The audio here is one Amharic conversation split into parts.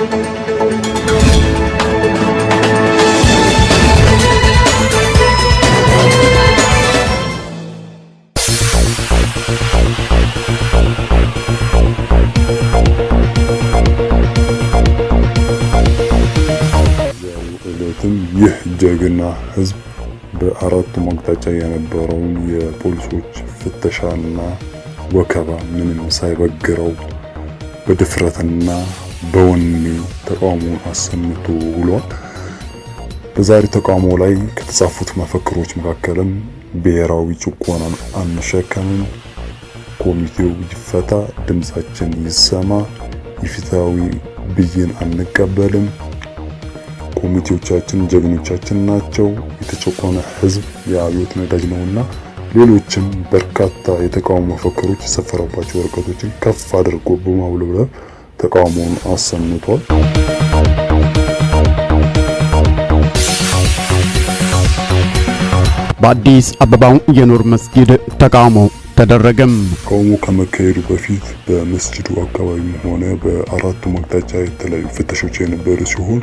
ማለትም ይህ ጀግና ህዝብ በአራቱ አቅጣጫ የነበረውን የፖሊሶች ፍተሻና ወከባ ምንም ሳይበግረው በድፍረትና በወኔ ተቃውሞውን አሰምቶ ውሏል። በዛሬ ተቃውሞ ላይ ከተጻፉት መፈክሮች መካከልም ብሔራዊ ጭቆናን አንሸከምም፣ ኮሚቴው ይፈታ፣ ድምፃችን ይሰማ፣ የፊታዊ ብይን አንቀበልም፣ ኮሚቴዎቻችን ጀግኖቻችን ናቸው፣ የተጨቆነ ህዝብ የአብዮት ነዳጅ ነውና ሌሎችም በርካታ የተቃውሞ መፈክሮች የሰፈረባቸው ወረቀቶችን ከፍ አድርጎ በማውለብለብ ተቃውሞውን አሰምቷል። በአዲስ አበባው የኑር መስጊድ ተቃውሞ ተደረገም። ተቃውሞ ከመካሄዱ በፊት በመስጅዱ አካባቢም ሆነ በአራቱ አቅጣጫ የተለያዩ ፍተሾች የነበሩ ሲሆን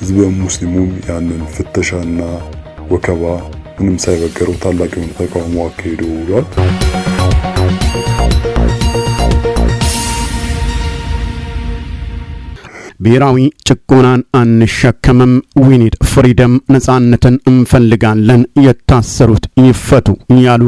ህዝበ ሙስሊሙም ያንን ፍተሻና ወከባ ምንም ሳይበገረው ታላቅ የሆነ ተቃውሞ አካሂዶ ውሏል። ብሔራዊ ጭቆናን አንሸከምም። ዊኒድ ፍሪደም ነጻነትን እንፈልጋለን፣ የታሰሩት ይፈቱ ያሉ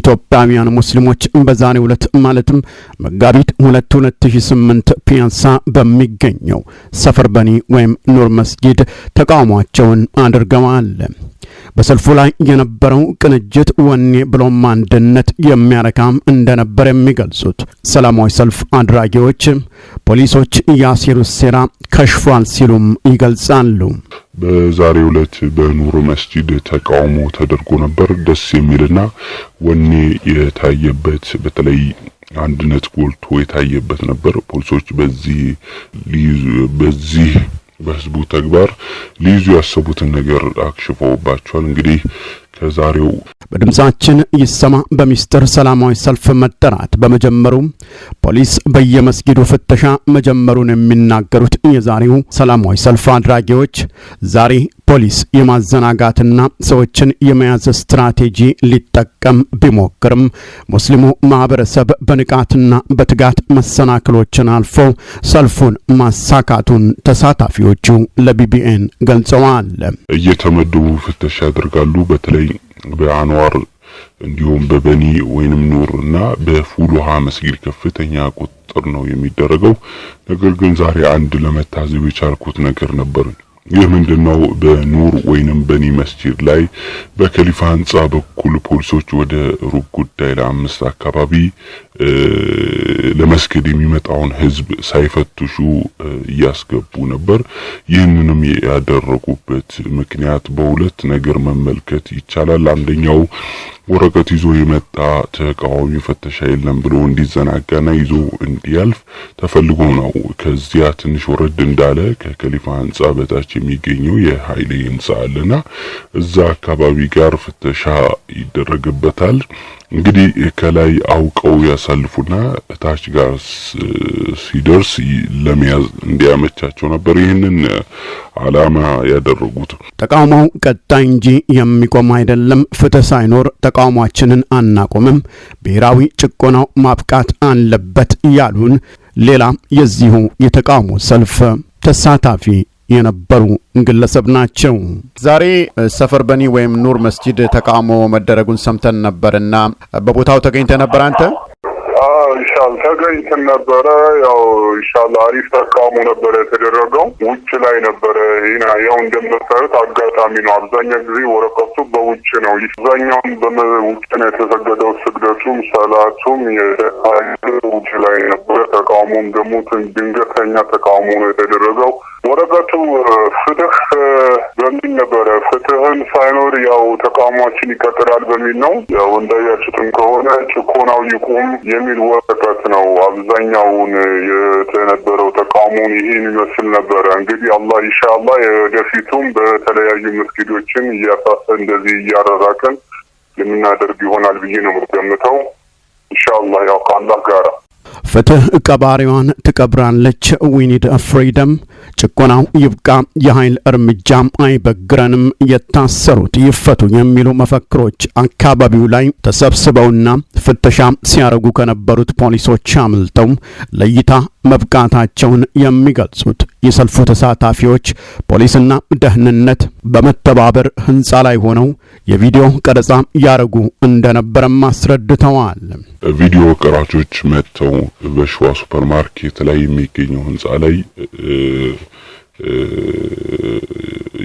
ኢትዮጵያውያን ሙስሊሞች በዛሬው ዕለት ማለትም መጋቢት 2 2008 ፒያሳ በሚገኘው ሰፈር በኒ ወይም ኑር መስጊድ ተቃውሟቸውን አድርገዋል። በሰልፉ ላይ የነበረው ቅንጅት፣ ወኔ ብሎም አንድነት የሚያረካም እንደነበር የሚገልጹት ሰላማዊ ሰልፍ አድራጊዎች ፖሊሶች ያሴሩት ሴራ ከሽፏል ሲሉም ይገልጻሉ። በዛሬው ዕለት በኑር መስጂድ ተቃውሞ ተደርጎ ነበር። ደስ የሚልና ወኔ የታየበት በተለይ አንድነት ጎልቶ የታየበት ነበር። ፖሊሶች በዚህ በዚህ በህዝቡ ተግባር ሊይዙ ያሰቡትን ነገር አክሽፎባቸዋል። እንግዲህ ለዛሬው በድምፃችን ይሰማ በሚስጥር ሰላማዊ ሰልፍ መጠራት በመጀመሩ ፖሊስ በየመስጊዱ ፍተሻ መጀመሩን የሚናገሩት የዛሬው ሰላማዊ ሰልፍ አድራጊዎች ዛሬ ፖሊስ የማዘናጋትና ሰዎችን የመያዝ ስትራቴጂ ሊጠቀም ቢሞክርም ሙስሊሙ ማህበረሰብ በንቃትና በትጋት መሰናክሎችን አልፎ ሰልፉን ማሳካቱን ተሳታፊዎቹ ለቢቢኤን ገልጸዋል። እየተመደቡ ፍተሻ ያደርጋሉ። በተለይ በተለይ በአንዋር እንዲሁም በበኒ ወይንም ኑር እና በፉሉሃ መስጊድ ከፍተኛ ቁጥር ነው የሚደረገው። ነገር ግን ዛሬ አንድ ለመታዘብ የቻልኩት ነገር ነበር። ይህ ምንድነው? በኑር ወይንም በኒ መስጂድ ላይ በከሊፋ ህንጻ በኩል ፖሊሶች ወደ ሩብ ጉዳይ ለአምስት አካባቢ ለመስገድ የሚመጣውን ህዝብ ሳይፈትሹ እያስገቡ ነበር። ይህንንም ያደረጉበት ምክንያት በሁለት ነገር መመልከት ይቻላል። አንደኛው ወረቀት ይዞ የመጣ ተቃዋሚ ፍተሻ የለም ብሎ እንዲዘናጋና ይዞ እንዲያልፍ ተፈልጎ ነው። ከዚያ ትንሽ ወረድ እንዳለ ከከሊፋ ህንፃ በታች የሚገኘው የኃይሌ ህንፃ አለና እዛ አካባቢ ጋር ፍተሻ ይደረግበታል። እንግዲህ ከላይ አውቀው ያሳልፉና እታች ጋር ሲደርስ ለመያዝ እንዲያመቻቸው ነበር ይህንን አላማ ያደረጉት። ተቃውሞው ቀጣይ እንጂ የሚቆም አይደለም። ፍትህ ሳይኖር ተቃውሟችንን አናቆምም፣ ብሔራዊ ጭቆናው ማብቃት አለበት ያሉን ሌላ የዚሁ የተቃውሞ ሰልፍ ተሳታፊ የነበሩ ግለሰብ ናቸው። ዛሬ ሰፈር በኒ ወይም ኑር መስጂድ ተቃውሞ መደረጉን ሰምተን ነበርና በቦታው ተገኝተ ነበር አንተ? ይሻል ተገኝተን ነበረ። ያው ይሻል አሪፍ ተቃውሞ ነበረ የተደረገው ውጭ ላይ ነበረ። ያው እንደምታዩት አጋጣሚ ነው። አብዛኛው ጊዜ ወረቀቱ በውጭ ነው። አብዛኛውን በውጭ ነው የተሰገደው። ስግደቱም ሰላቱም ውጭ ላይ ነበረ። ተቃውሞም ደግሞ ድንገተኛ ተቃውሞ ነው የተደረገው። ወረቀቱ ፍትህ በሚል ነበረ። ፍትህን ሳይኖር ያው ተቃውሟችን ይቀጥላል በሚል ነው። ያው እንዳያችሁትም ከሆነ ጭቆናው ይቁም የሚ የሚል ወረቀት ነው አብዛኛውን የተነበረው። ተቃውሞውን ይህን ይመስል ነበረ። እንግዲህ አላህ ኢንሻአላ የወደፊቱም በተለያዩ መስጊዶችን እያሳሰ እንደዚህ እያረራቅን የምናደርግ ይሆናል ብዬ ነው የምገምተው። ኢንሻአላ ያው ከአላህ ጋራ ፍትህ ቀባሪዋን ትቀብራለች። ዊኒድ ፍሪደም ጭቆናው ይብቃ፣ የኃይል እርምጃም አይበግረንም፣ የታሰሩት ይፈቱ የሚሉ መፈክሮች አካባቢው ላይ ተሰብስበውና ፍተሻ ሲያደርጉ ከነበሩት ፖሊሶች አምልጠው ለእይታ መብቃታቸውን የሚገልጹት የሰልፉ ተሳታፊዎች ፖሊስና ደህንነት በመተባበር ሕንፃ ላይ ሆነው የቪዲዮ ቀረጻ ያደርጉ እንደነበረም አስረድተዋል። ቪዲዮ ቀራጮች መጥተው በሸዋ ሱፐርማርኬት ላይ የሚገኘው ሕንፃ ላይ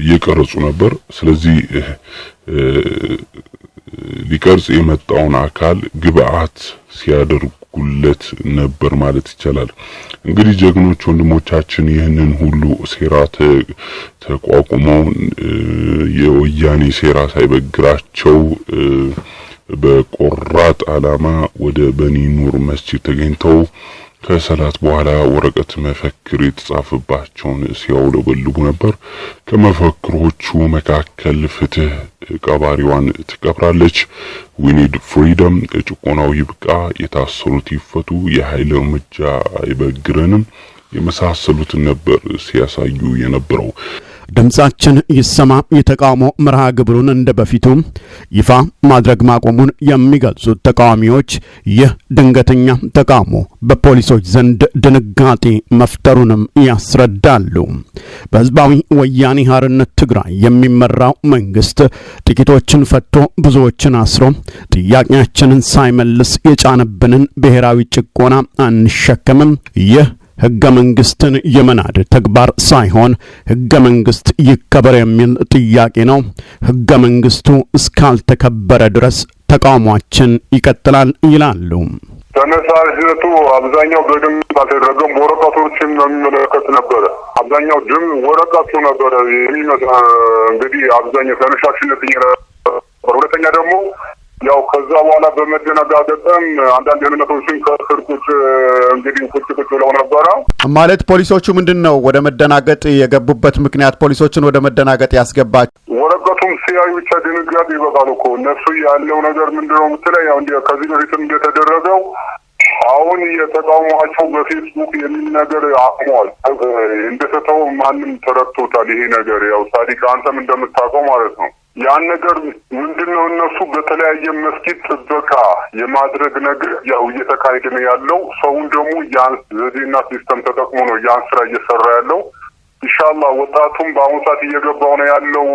እየቀረጹ ነበር። ስለዚህ ሊቀርጽ የመጣውን አካል ግብአት ሲያደርጉለት ነበር ማለት ይቻላል። እንግዲህ ጀግኖች ወንድሞቻችን ይህንን ሁሉ ሴራ ተቋቁመው የወያኔ ሴራ ሳይበግራቸው በቆራጥ ዓላማ ወደ በኒ ኑር መስጂድ ተገኝተው ከሰላት በኋላ ወረቀት መፈክር የተጻፈባቸውን ሲያውለበልቡ ነበር። ከመፈክሮቹ መካከል ፍትህ ቀባሪዋን ትቀብራለች፣ ዊኒድ ፍሪደም፣ ጭቆናው ይብቃ፣ የታሰሩት ይፈቱ፣ የኃይል እርምጃ አይበግረንም የመሳሰሉትን ነበር ሲያሳዩ የነበረው። ድምፃችን ይሰማ የተቃውሞ መርሃ ግብሩን እንደ በፊቱ ይፋ ማድረግ ማቆሙን የሚገልጹት ተቃዋሚዎች ይህ ድንገተኛ ተቃውሞ በፖሊሶች ዘንድ ድንጋጤ መፍጠሩንም ያስረዳሉ። በህዝባዊ ወያኔ ሀርነት ትግራይ የሚመራው መንግስት ጥቂቶችን ፈቶ ብዙዎችን አስሮ ጥያቄያችንን ሳይመልስ የጫነብንን ብሔራዊ ጭቆና አንሸከምም። ይህ ህገ መንግስትን የመናድ ተግባር ሳይሆን ህገ መንግስት ይከበር የሚል ጥያቄ ነው። ሕገ መንግሥቱ እስካልተከበረ ድረስ ተቃውሟችን ይቀጥላል ይላሉ። ተነሳሽነቱ አብዛኛው በድም አልተደረገም። ወረቀቶችን የሚመለከት ነበረ። አብዛኛው ድም ወረቀቱ ነበረ የሚመስ እንግዲህ አብዛኛው ተነሳሽነት ሁለተኛ ደግሞ ያው ከዛ በኋላ በመደነጋገጥም አንዳንድ የምነቶችን ከስርቁጭ እንግዲህ ቁጭ ቁጭ ብለው ነበረ። ማለት ፖሊሶቹ ምንድን ነው ወደ መደናገጥ የገቡበት ምክንያት? ፖሊሶችን ወደ መደናገጥ ያስገባች ወረቀቱም ሲያዩ ብቻ ድንጋጤ ይበቃል እኮ እነሱ ያለው ነገር ምንድነው ምትለ ያው ከዚህ በፊትም እንደተደረገው አሁን የተቃውሟቸው በፌስቡክ የሚል ነገር አቅሟል። እንደሰተው ማንም ተረድቶታል። ይሄ ነገር ያው ሳዲቅ አንተም እንደምታውቀው ማለት ነው ያን ነገር ምንድን ነው እነሱ በተለያየ መስጊድ ጥበቃ የማድረግ ነገር ያው እየተካሄደ ነው ያለው። ሰውን ደግሞ ያን ዘዴና ሲስተም ተጠቅሞ ነው ያን ስራ እየሰራ ያለው። ኢንሻላህ ወጣቱም በአሁኑ ሰዓት እየገባው ነው ያለው።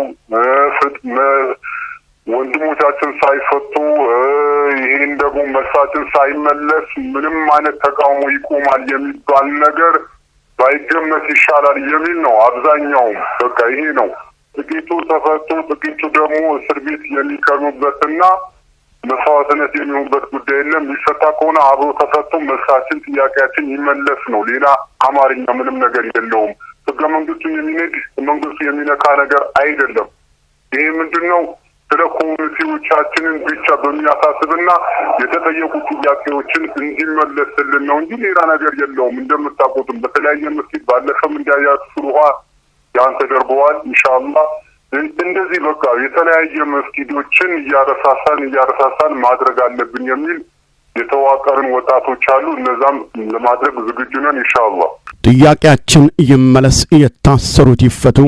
ወንድሞቻችን ሳይፈቱ ይህን ደግሞ መልሳችን ሳይመለስ ምንም አይነት ተቃውሞ ይቆማል የሚባል ነገር ባይገመት ይሻላል የሚል ነው አብዛኛውም። በቃ ይሄ ነው። ጥቂቱ ተፈቶ ጥቂቱ ደግሞ እስር ቤት የሚቀርቡበትና መስዋዕትነት የሚሆኑበት ጉዳይ የለም። የሚፈታ ከሆነ አብሮ ተፈቶ መልሳችን፣ ጥያቄያችን ይመለስ ነው። ሌላ አማርኛ ምንም ነገር የለውም። ህገ መንግስቱን የሚነድ መንግስቱ የሚነካ ነገር አይደለም። ይህ ምንድን ነው? ስለ ኮሚኒቲዎቻችንን ብቻ በሚያሳስብና የተጠየቁ ጥያቄዎችን እንዲመለስልን ነው እንጂ ሌላ ነገር የለውም። እንደምታውቁትም በተለያየ መስጊድ ባለፈም እንዳያስሩ ውሃ ያን ተደርበዋል። ኢንሻአላ እንደዚህ በቃ የተለያየ መስጊዶችን እያረሳሳን እያረሳሳን ማድረግ አለብን የሚል የተዋቀርን ወጣቶች አሉ። እነዛም ለማድረግ ዝግጁ ነን። ኢንሻአላ ጥያቄያችን ይመለስ፣ የታሰሩት ይፈቱ፣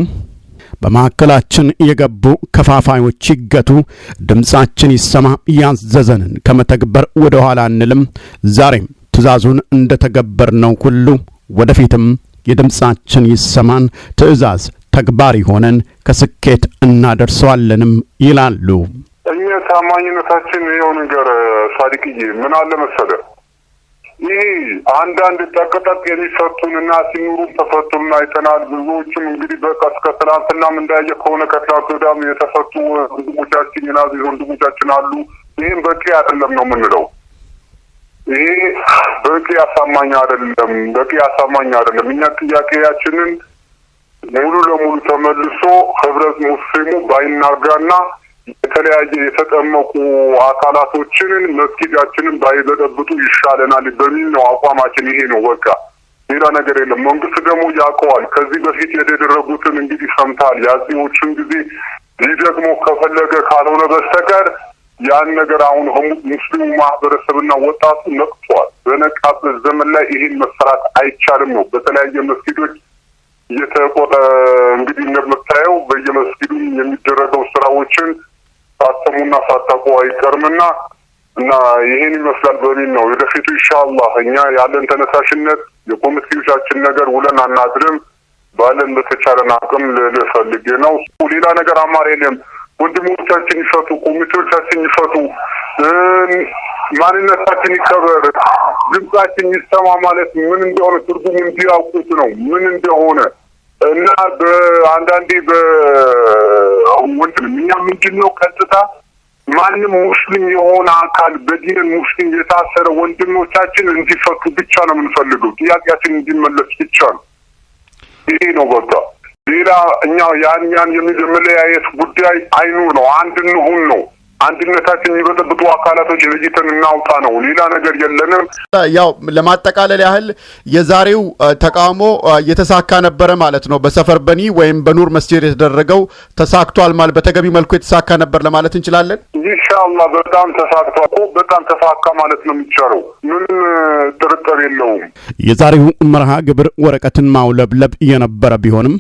በማዕከላችን የገቡ ከፋፋዮች ይገቱ፣ ድምፃችን ይሰማ፣ ያዘዘንን ከመተግበር ወደ ኋላ አንልም። ዛሬም ትዕዛዙን ነው ሁሉ ወደፊትም የድምፃችን ይሰማን ትእዛዝ ተግባር ይሆነን ከስኬት እናደርሰዋለንም ይላሉ። እኛ ታማኝነታችን ይኸው ነገር ሳዲቅዬ ምን አለ መሰለ ይህ አንዳንድ ጠቅጠቅ የሚፈቱንና ሲኖሩም ተፈቱን አይተናል። ብዙዎችም እንግዲህ በቃ እስከ ትናንትናም እንዳየ ከሆነ ከትላንት ወዲያም የተፈቱ ወንድሞቻችን የናዚ ወንድሞቻችን አሉ። ይህም በቂ አይደለም ነው የምንለው ይሄ በቂ አሳማኝ አይደለም፣ በቂ አሳማኝ አይደለም። እኛ ጥያቄያችንን ሙሉ ለሙሉ ተመልሶ ህብረት ሙስሊሙ ባይናጋና የተለያየ የተጠመቁ አካላቶችንን መስጊዳችንን ባይበጠብጡ ይሻለናል በሚል ነው አቋማችን። ይሄ ነው በቃ ሌላ ነገር የለም። መንግስት ደግሞ ያውቀዋል። ከዚህ በፊት የተደረጉትን እንግዲህ ሰምታል። የአጼዎቹን ጊዜ ሊደግሞ ከፈለገ ካልሆነ በስተቀር ያን ነገር አሁን ሙስሊሙ ማህበረሰብና ወጣቱ ነቅቷል። በነቃበት ዘመን ላይ ይህን መሰራት አይቻልም ነው። በተለያየ መስጊዶች እየተቆጠ እንግዲህ እንደምታየው በየመስጊዱ የሚደረገው ስራዎችን ሳተሙና ሳታቁ አይቀርምና እና ይህን ይመስላል በሚል ነው የደፊቱ ኢንሻአላህ እኛ ያለን ተነሳሽነት የኮሚቴዎቻችን ነገር ውለን አናድርም ባለን በተቻለን አቅም ልፈልጌ ነው። ሌላ ነገር አማር የለም። ወንድሞቻችን ይፈቱ፣ ኮሚቴዎቻችን ይፈቱ፣ ማንነታችን ይከበር፣ ድምጻችን ይሰማ ማለት ምን እንደሆነ ትርጉም እንዲያውቁት ነው ምን እንደሆነ እና በአንዳንዴ በወንድም እኛ ምንድን ነው ቀጥታ ማንም ሙስሊም የሆነ አካል በዲን ሙስሊም የታሰረ ወንድሞቻችን እንዲፈቱ ብቻ ነው የምንፈልገው። ጥያቄያችን እንዲመለስ ብቻ ነው። ይሄ ነው በቃ። ሌላ እኛው ያን ያን የሚለያየት ጉዳይ አይኑር ነው። አንድ እንሁን ነው። አንድነታችን የሚበጠብጡ አካላቶች ለይተን እናውጣ ነው። ሌላ ነገር የለንም። ያው ለማጠቃለል ያህል የዛሬው ተቃውሞ የተሳካ ነበረ ማለት ነው። በሰፈር በኒ ወይም በኑር መስጅድ የተደረገው ተሳክቷል ማለት በተገቢ መልኩ የተሳካ ነበር ለማለት እንችላለን። ኢንሻአላህ በጣም ተሳክቷል እኮ በጣም ተሳካ ማለት ነው የሚቻለው፣ ምን ጥርጥር የለውም። የዛሬው መርሃ ግብር ወረቀትን ማውለብለብ የነበረ ቢሆንም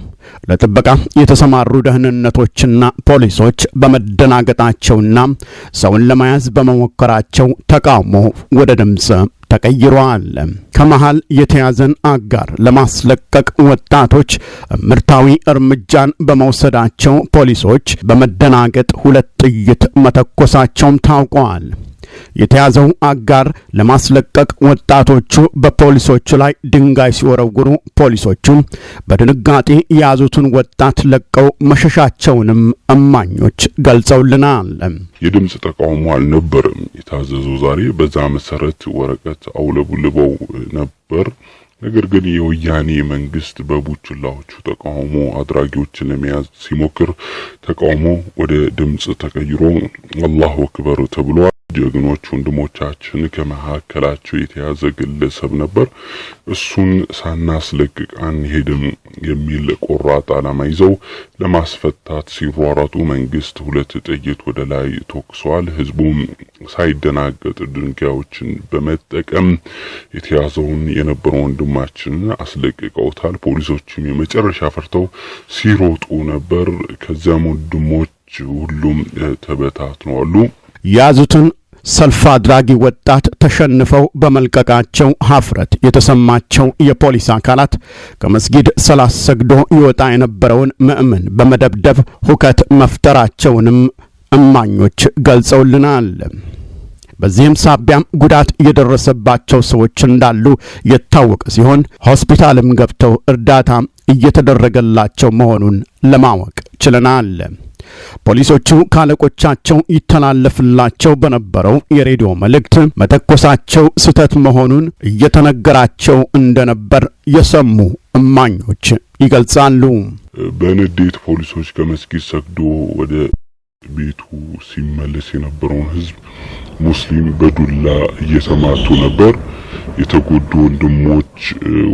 ለጥበቃ የተሰማሩ ደህንነቶችና ፖሊሶች በመደናገጣቸውና ሰውን ለመያዝ በመሞከራቸው ተቃውሞ ወደ ድምፅ ተቀይሯል። ከመሃል የተያዘን አጋር ለማስለቀቅ ወጣቶች ምርታዊ እርምጃን በመውሰዳቸው ፖሊሶች በመደናገጥ ሁለት ጥይት መተኮሳቸውም ታውቋል። የተያዘው አጋር ለማስለቀቅ ወጣቶቹ በፖሊሶቹ ላይ ድንጋይ ሲወረውሩ ፖሊሶቹም በድንጋጤ የያዙትን ወጣት ለቀው መሸሻቸውንም እማኞች ገልጸውልናል። የድምፅ ተቃውሞ አልነበረም የታዘዙ ዛሬ በዛ መሰረት ወረቀት አውለቡልበው ነበር። ነገር ግን የወያኔ መንግስት በቡችላዎቹ ተቃውሞ አድራጊዎችን ለመያዝ ሲሞክር ተቃውሞ ወደ ድምፅ ተቀይሮ አላሁ አክበር ተብሏል። ጀግኖች ወንድሞቻችን ከመካከላቸው የተያዘ ግለሰብ ነበር። እሱን ሳናስለቅቅ አንሄድም የሚል ቆራጥ ዓላማ ይዘው ለማስፈታት ሲሯሯጡ መንግስት ሁለት ጥይት ወደ ላይ ተኩሰዋል። ህዝቡም ሳይደናገጥ ድንጋዮችን በመጠቀም የተያዘውን የነበረው ወንድማችንን አስለቅቀውታል። ፖሊሶችም የመጨረሻ ፈርተው ሲሮጡ ነበር። ከዚያም ወንድሞች ሁሉም አሉ። የያዙትን ሰልፍ አድራጊ ወጣት ተሸንፈው በመልቀቃቸው ሀፍረት የተሰማቸው የፖሊስ አካላት ከመስጊድ ሰላት ሰግዶ ይወጣ የነበረውን ምእምን በመደብደብ ሁከት መፍጠራቸውንም እማኞች ገልጸውልናል። በዚህም ሳቢያም ጉዳት የደረሰባቸው ሰዎች እንዳሉ የታወቀ ሲሆን ሆስፒታልም ገብተው እርዳታ እየተደረገላቸው መሆኑን ለማወቅ ችለናል። ፖሊሶቹ ካለቆቻቸው ይተላለፍላቸው በነበረው የሬዲዮ መልእክት መተኮሳቸው ስህተት መሆኑን እየተነገራቸው እንደነበር የሰሙ እማኞች ይገልጻሉ። በንዴት ፖሊሶች ከመስጊድ ሰግዶ ወደ ቤቱ ሲመለስ የነበረውን ህዝብ ሙስሊም በዱላ እየተማቱ ነበር። የተጎዱ ወንድሞች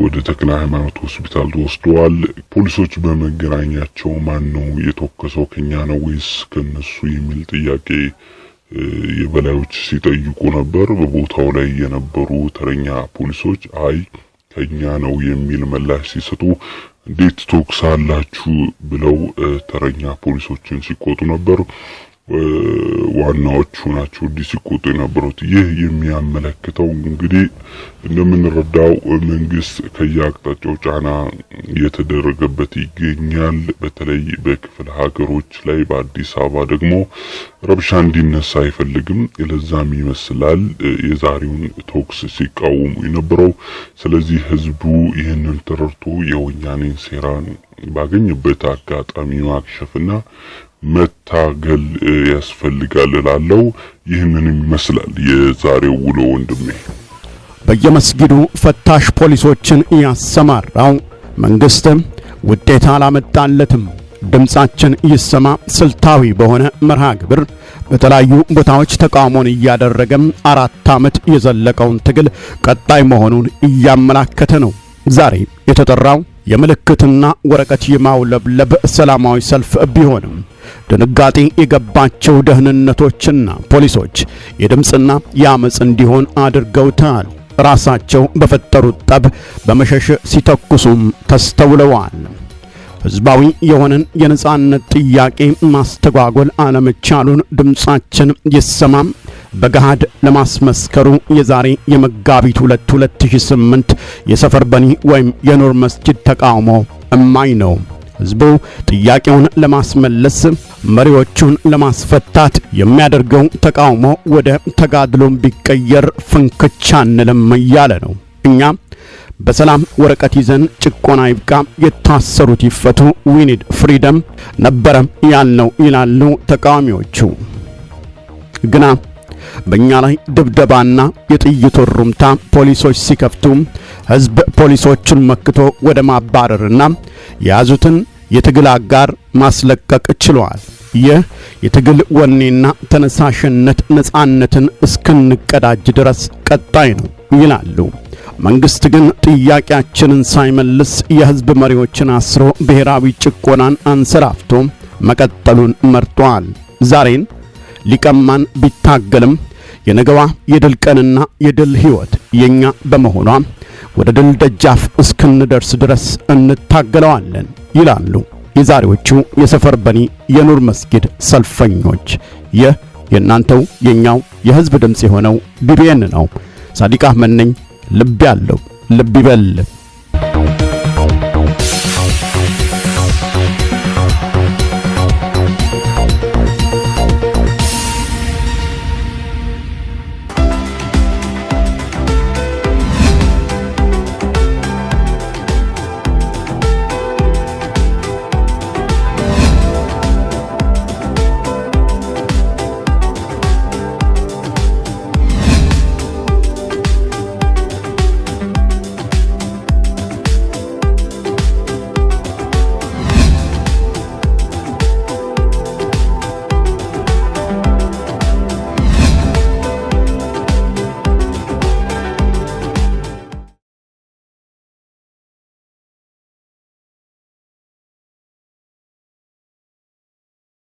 ወደ ተክለ ሃይማኖት ሆስፒታል ተወስደዋል። ፖሊሶች በመገናኛቸው ማን ነው የተወከሰው ከኛ ነው ወይስ ከነሱ የሚል ጥያቄ የበላዮች ሲጠይቁ ነበር። በቦታው ላይ የነበሩ ተረኛ ፖሊሶች አይ ከኛ ነው የሚል ምላሽ ሲሰጡ እንዴት ቶክሳላችሁ ብለው ተረኛ ፖሊሶችን ሲቆጡ ነበር። ዋናዎቹ ናቸው ሲቆጡ የነበሩት። ይህ የሚያመለክተው እንግዲህ እንደምንረዳው መንግስት ከየአቅጣጫው ጫና እየተደረገበት ይገኛል። በተለይ በክፍለ ሀገሮች ላይ በአዲስ አበባ ደግሞ ረብሻ እንዲነሳ አይፈልግም። ለዛም ይመስላል የዛሬውን ቶክስ ሲቃወሙ የነበረው። ስለዚህ ህዝቡ ይህንን ተረድቶ የወያኔን ሴራን ባገኝበት አጋጣሚ ማክሸፍና መታገል ያስፈልጋል እላለሁ። ይህንን ይመስላል የዛሬው ውሎ ወንድሜ። በየመስጊዱ ፈታሽ ፖሊሶችን ያሰማራው መንግስትም ውጤታ አላመጣለትም። ድምጻችን ይሰማ ስልታዊ በሆነ መርሃ ግብር በተለያዩ ቦታዎች ተቃውሞን እያደረገም አራት ዓመት የዘለቀውን ትግል ቀጣይ መሆኑን እያመላከተ ነው ዛሬ የተጠራው የምልክትና ወረቀት የማውለብለብ ሰላማዊ ሰልፍ ቢሆንም ድንጋጤ የገባቸው ደህንነቶችና ፖሊሶች የድምፅና የአመፅ እንዲሆን አድርገውታል። ራሳቸው በፈጠሩት ጠብ በመሸሽ ሲተኩሱም ተስተውለዋል። ህዝባዊ የሆነን የነጻነት ጥያቄ ማስተጓጎል አለመቻሉን ድምፃችን ይሰማም በገሃድ ለማስመስከሩ የዛሬ የመጋቢት 2 2008 የሰፈር በኒ ወይም የኑር መስጂድ ተቃውሞ እማኝ ነው። ህዝቡ ጥያቄውን ለማስመለስ መሪዎቹን ለማስፈታት የሚያደርገው ተቃውሞ ወደ ተጋድሎም ቢቀየር ፍንክቻ አንልም እያለ ነው። እኛ በሰላም ወረቀት ይዘን ጭቆና ይብቃ፣ የታሰሩት ይፈቱ፣ ዊኒድ ፍሪደም ነበረ ያልነው ይላሉ ተቃዋሚዎቹ ግና በእኛ ላይ ድብደባና የጥይት ሩምታ ፖሊሶች ሲከፍቱ ሕዝብ ፖሊሶቹን መክቶ ወደ ማባረርና የያዙትን የትግል አጋር ማስለቀቅ ችሏል። ይህ የትግል ወኔና ተነሳሽነት ነፃነትን እስክንቀዳጅ ድረስ ቀጣይ ነው ይላሉ። መንግሥት ግን ጥያቄያችንን ሳይመልስ የሕዝብ መሪዎችን አስሮ ብሔራዊ ጭቆናን አንሰራፍቶ መቀጠሉን መርጧል። ዛሬን ሊቀማን ቢታገልም የነገዋ የድል ቀንና የድል ሕይወት የኛ በመሆኗ ወደ ድል ደጃፍ እስክንደርስ ድረስ እንታገለዋለን ይላሉ የዛሬዎቹ የሰፈር በኒ የኑር መስጊድ ሰልፈኞች። ይህ የእናንተው የኛው የሕዝብ ድምፅ የሆነው ቢቢኤን ነው። ሳዲቅ አህመድ ነኝ። ልብ ያለው ልብ ይበል።